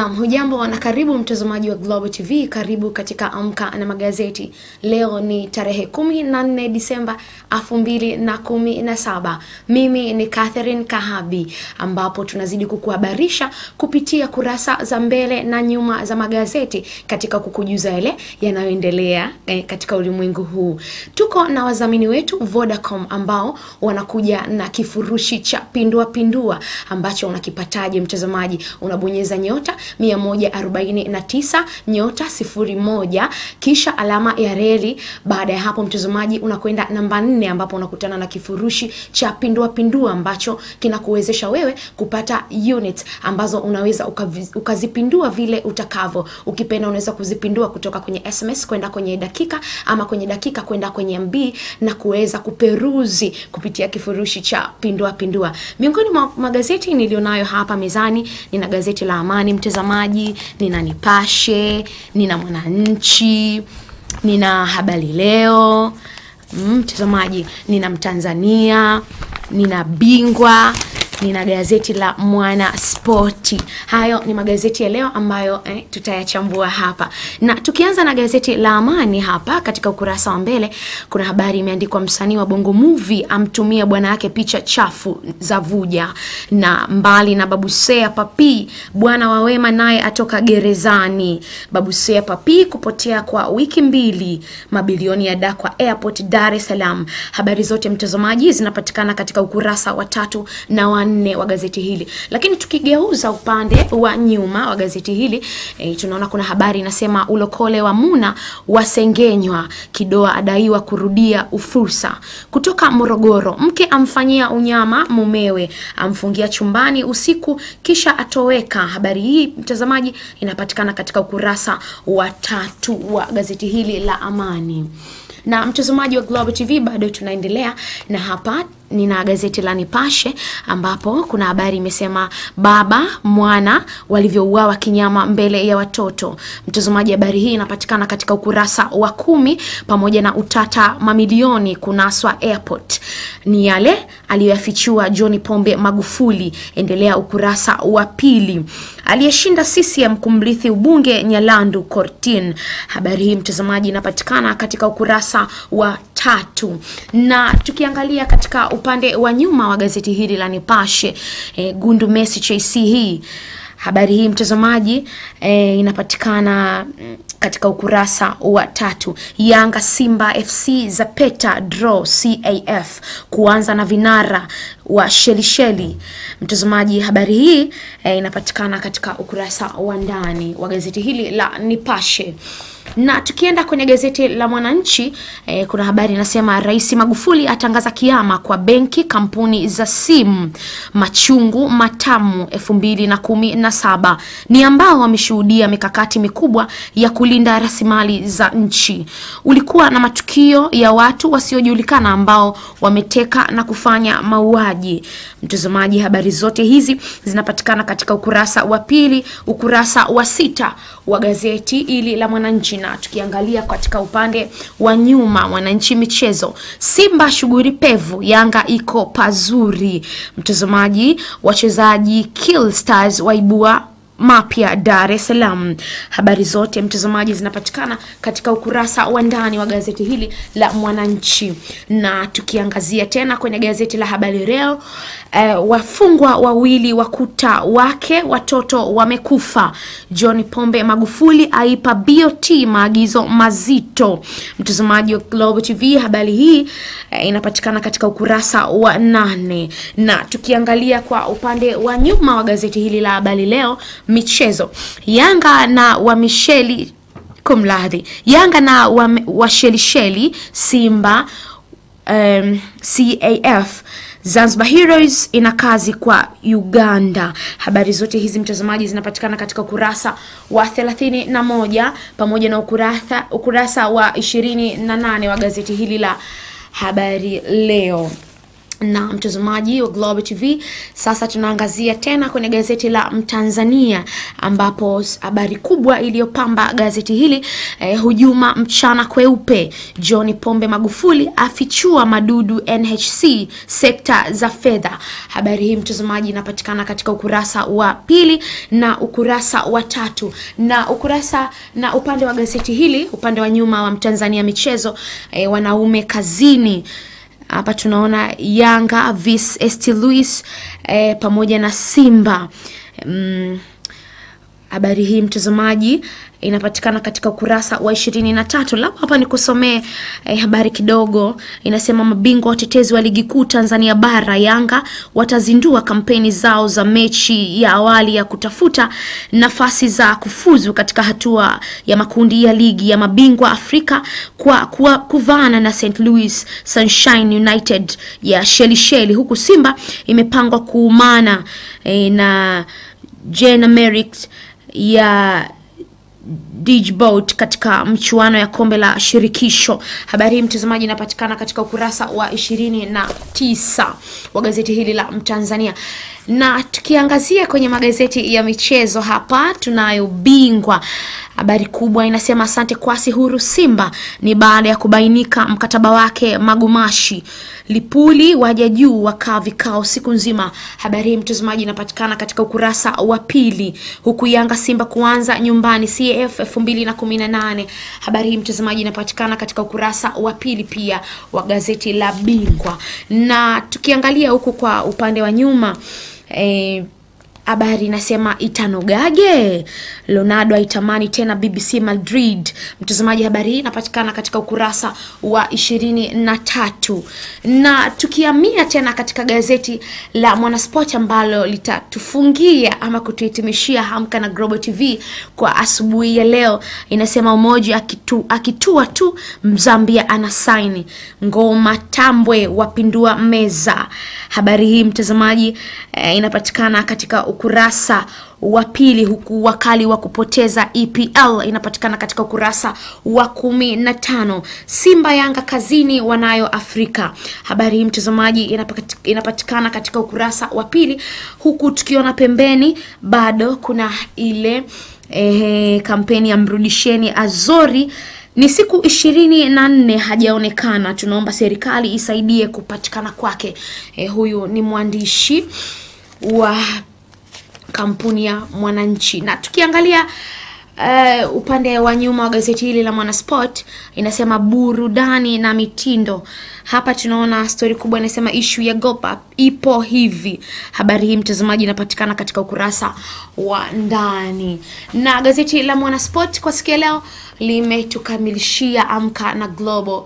Naam, hujambo na karibu mtazamaji wa Global TV, karibu katika Amka na Magazeti. Leo ni tarehe 14 Disemba 2017. Mimi ni Catherine Kahabi, ambapo tunazidi kukuhabarisha kupitia kurasa za mbele na nyuma za magazeti katika kukujuza yale yanayoendelea eh, katika ulimwengu huu. Tuko na wadhamini wetu Vodacom ambao wanakuja na kifurushi cha pindua pindua ambacho unakipataje mtazamaji? Unabonyeza nyota 149 nyota 01 kisha alama ya reli. Baada ya hapo, mtazamaji, unakwenda namba nne ambapo unakutana na kifurushi cha pindua pindua ambacho kinakuwezesha wewe kupata unit ambazo unaweza ukazipindua vile utakavyo. Ukipenda unaweza kuzipindua kutoka kwenye SMS kwenda kwenye dakika ama kwenye dakika kwenda kwenye MB na kuweza kuperuzi kupitia kifurushi cha pindua pindua. Miongoni mwa magazeti nilionayo hapa mezani nina gazeti la Amani mtazamaji Mtazamaji, nina Nipashe, nina Mwananchi, nina Habari Leo, mm, mtazamaji, nina Mtanzania, nina Bingwa na gazeti la Mwana Spoti. Hayo ni magazeti ya leo ambayo eh, tutayachambua hapa, na tukianza na gazeti la Amani hapa katika ukurasa wa mbele kuna habari imeandikwa, msanii wa Bongo Movie amtumia bwana yake picha chafu za vuja, na mbali na Babusea Papi, bwana wa Wema naye atoka gerezani. Babusea Papi kupotea kwa wiki mbili, mabilioni ya dakwa airport Dar es Salaam. Habari zote mtazamaji, zinapatikana katika ukurasa wa tatu na wa nne wa gazeti hili. Lakini tukigeuza upande wa nyuma wa gazeti hili e, tunaona kuna habari inasema ulokole wa Muna wasengenywa, Kidoa adaiwa kurudia ufursa. Kutoka Morogoro, mke amfanyia unyama mumewe, amfungia chumbani usiku kisha atoweka. Habari hii mtazamaji, inapatikana katika ukurasa wa tatu wa gazeti hili la Amani. Na mtazamaji wa Global TV, bado tunaendelea na hapa nina gazeti la Nipashe ambapo kuna habari imesema baba mwana walivyouawa kinyama mbele ya watoto. Mtazamaji, habari hii inapatikana katika ukurasa wa kumi, pamoja na utata mamilioni kunaswa airport. Ni yale aliyoyafichua John Pombe Magufuli, endelea ukurasa wa pili. Aliyeshinda CCM kumrithi ubunge Nyalandu Kortin. Habari hii mtazamaji, inapatikana katika ukurasa wa tatu, na tukiangalia katika upande wa nyuma wa gazeti hili la Nipashe e, Gundu Messi JC hii habari hii mtazamaji e, inapatikana mm, katika ukurasa wa tatu. Yanga Simba FC Zapeta draw CAF kuanza na vinara wa Shelisheli. Mtazamaji, habari hii e, inapatikana katika ukurasa wa ndani wa gazeti hili la Nipashe. Na tukienda kwenye gazeti la Mwananchi eh, kuna habari inasema Rais Magufuli atangaza kiama kwa benki, kampuni za simu. Machungu matamu elfu mbili na kumi na saba ni ambao wameshuhudia mikakati mikubwa ya kulinda rasilimali za nchi. Ulikuwa na matukio ya watu wasiojulikana ambao wameteka na kufanya mauaji. Mtazamaji, habari zote hizi zinapatikana katika ukurasa wa pili, ukurasa wa sita wa gazeti hili la Mwananchi wananchi. Na tukiangalia katika upande wa nyuma, Mwananchi michezo, Simba shughuli pevu, Yanga iko pazuri. Mtazamaji, wachezaji Kill Stars waibua mapya Dar es Salaam. Habari zote mtazamaji, zinapatikana katika ukurasa wa ndani wa gazeti hili la Mwananchi, na tukiangazia tena kwenye gazeti la Habari Leo eh, wafungwa wawili wakuta wake watoto wamekufa. John Pombe Magufuli aipa BOT maagizo mazito. Mtazamaji wa Global TV, habari hii eh, inapatikana katika ukurasa wa nane, na tukiangalia kwa upande wa nyuma wa gazeti hili la Habari Leo michezo. Yanga na wamisheli kumradhi, Yanga na washelisheli wa Simba um, CAF Zanzibar Heroes ina kazi kwa Uganda. Habari zote hizi mtazamaji, zinapatikana katika ukurasa wa 31 pamoja na ukurasa, ukurasa wa 28 wa gazeti hili la Habari Leo na mtazamaji wa Global TV, sasa tunaangazia tena kwenye gazeti la Mtanzania ambapo habari kubwa iliyopamba gazeti hili eh, hujuma mchana kweupe, John Pombe Magufuli afichua madudu NHC sekta za fedha. Habari hii mtazamaji, inapatikana katika ukurasa wa pili na ukurasa wa tatu na ukurasa na upande wa gazeti hili upande wa nyuma wa Mtanzania michezo, eh, wanaume kazini hapa tunaona Yanga vs ST Louis e, pamoja na Simba. Mm, habari mm, hii mtazamaji inapatikana katika ukurasa wa ishirini na tatu. Labda hapa nikusomee eh, habari kidogo. Inasema mabingwa watetezi wa ligi kuu Tanzania bara Yanga watazindua kampeni zao za mechi ya awali ya kutafuta nafasi za kufuzu katika hatua ya makundi ya ligi ya mabingwa Afrika kwa, kwa kuvaana na St Louis Sunshine United ya Shelisheli, huku Simba imepangwa kuumana eh, na Jena Merrick ya Djibouti katika mchuano ya kombe la shirikisho. Habari hii mtazamaji, inapatikana katika ukurasa wa ishirini na tisa wa gazeti hili la Mtanzania. Na tukiangazia kwenye magazeti ya michezo hapa tunayo Bingwa, habari kubwa inasema asante kwasi huru Simba ni baada ya kubainika mkataba wake Magumashi. Lipuli waja juu wakaa vikao siku nzima. Habari hii mtazamaji, inapatikana katika ukurasa wa pili, huku Yanga Simba kuanza nyumbani cf 2018. Habari hii mtazamaji, inapatikana katika ukurasa wa pili pia wa gazeti la Bingwa, na tukiangalia huku kwa upande wa nyuma eh, Habari inasema itanogage. Ronaldo aitamani tena BBC Madrid. Mtazamaji, habari hii inapatikana katika ukurasa wa ishirini na tatu na tukiamia tena katika gazeti la Mwanaspoti ambalo litatufungia ama kutuhitimishia Hamka na Global TV kwa asubuhi ya leo, inasema umoja akitu, akitua tu Mzambia anasaini ngoma tambwe wapindua meza. Habari hii mtazamaji, eh, inapatikana katika ukurasa wa pili, huku wakali wa kupoteza EPL inapatikana katika ukurasa wa kumi na tano. Simba Yanga kazini wanayo Afrika. Habari hii mtazamaji, inapatikana katika ukurasa wa pili, huku tukiona pembeni bado kuna ile ehe, kampeni ya mrudisheni Azori ni siku ishirini na nne hajaonekana. Tunaomba serikali isaidie kupatikana kwake. E, huyu ni mwandishi wa kampuni ya Mwananchi. Na tukiangalia Uh, upande wa nyuma wa gazeti hili la Mwanasport inasema burudani na mitindo. Hapa tunaona stori kubwa inasema ishu ya Gopa ipo hivi. Habari hii mtazamaji, inapatikana katika ukurasa wa ndani, na gazeti la Mwanasport kwa siku ya leo limetukamilishia Amka na Global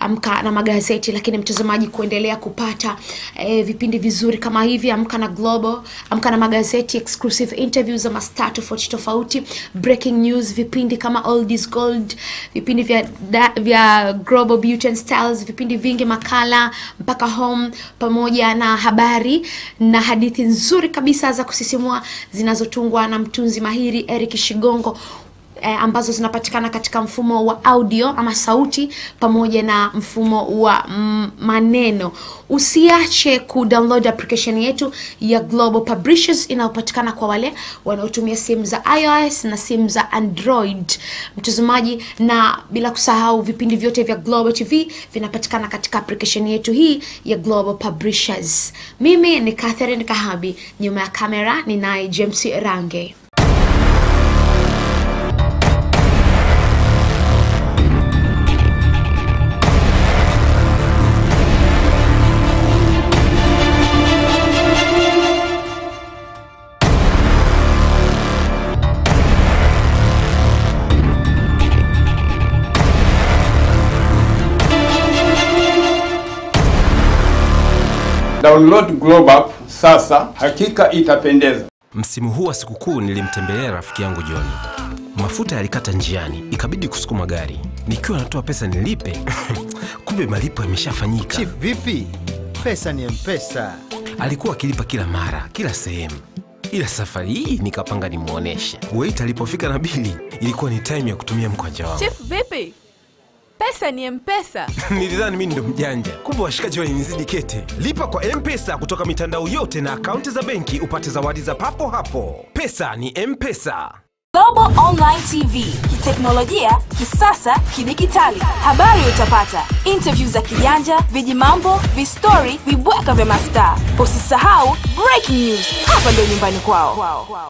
Amka na Magazeti. Lakini mtazamaji, kuendelea kupata e, vipindi vizuri kama hivi, amka na Global, amka na Magazeti, exclusive interviews za mastaa tofauti tofauti, breaking news, vipindi kama All Is Gold, vipindi vya, da, vya Global Beauty and Styles, vipindi vingi, makala mpaka home, pamoja na habari na hadithi nzuri kabisa za kusisimua zinazotungwa na mtunzi mahiri Eric Shigongo eh, ambazo zinapatikana katika mfumo wa audio ama sauti pamoja na mfumo wa maneno. Usiache download application yetu ya Global Publishers inayopatikana kwa wale wanaotumia simu za iOS na simu za Android, mtazamaji, na bila kusahau vipindi vyote vya Global TV vinapatikana katika application yetu hii ya Global Publishers. Mimi ni Catherine Kahabi, nyuma ya kamera ninaye James Range. download Globe app sasa, hakika itapendeza. Msimu huu wa sikukuu nilimtembelea rafiki yangu Joni. Mafuta yalikata njiani, ikabidi kusukuma gari. Nikiwa natoa pesa nilipe, kumbe malipo yameshafanyika. Chief, vipi? Pesa ni mpesa. Alikuwa akilipa kila mara, kila sehemu ila safari hii nikapanga nimwoneshe. Wait alipofika na bili, ilikuwa ni time ya kutumia mkwanja wangu. Chief, vipi? Pesa ni Mpesa. Nilidhani mimi ndo mjanja, kumbe washikaji walinizidi kete. Lipa kwa Mpesa kutoka mitandao yote na akaunti za benki upate zawadi za papo hapo. Pesa ni Mpesa. Global Online TV, kiteknolojia, kisasa, kidigitali Habari utapata, interview za kijanja, vijimambo, vistori, vibweka vya mastaa. Usisahau breaking news, hapa ndio nyumbani kwao.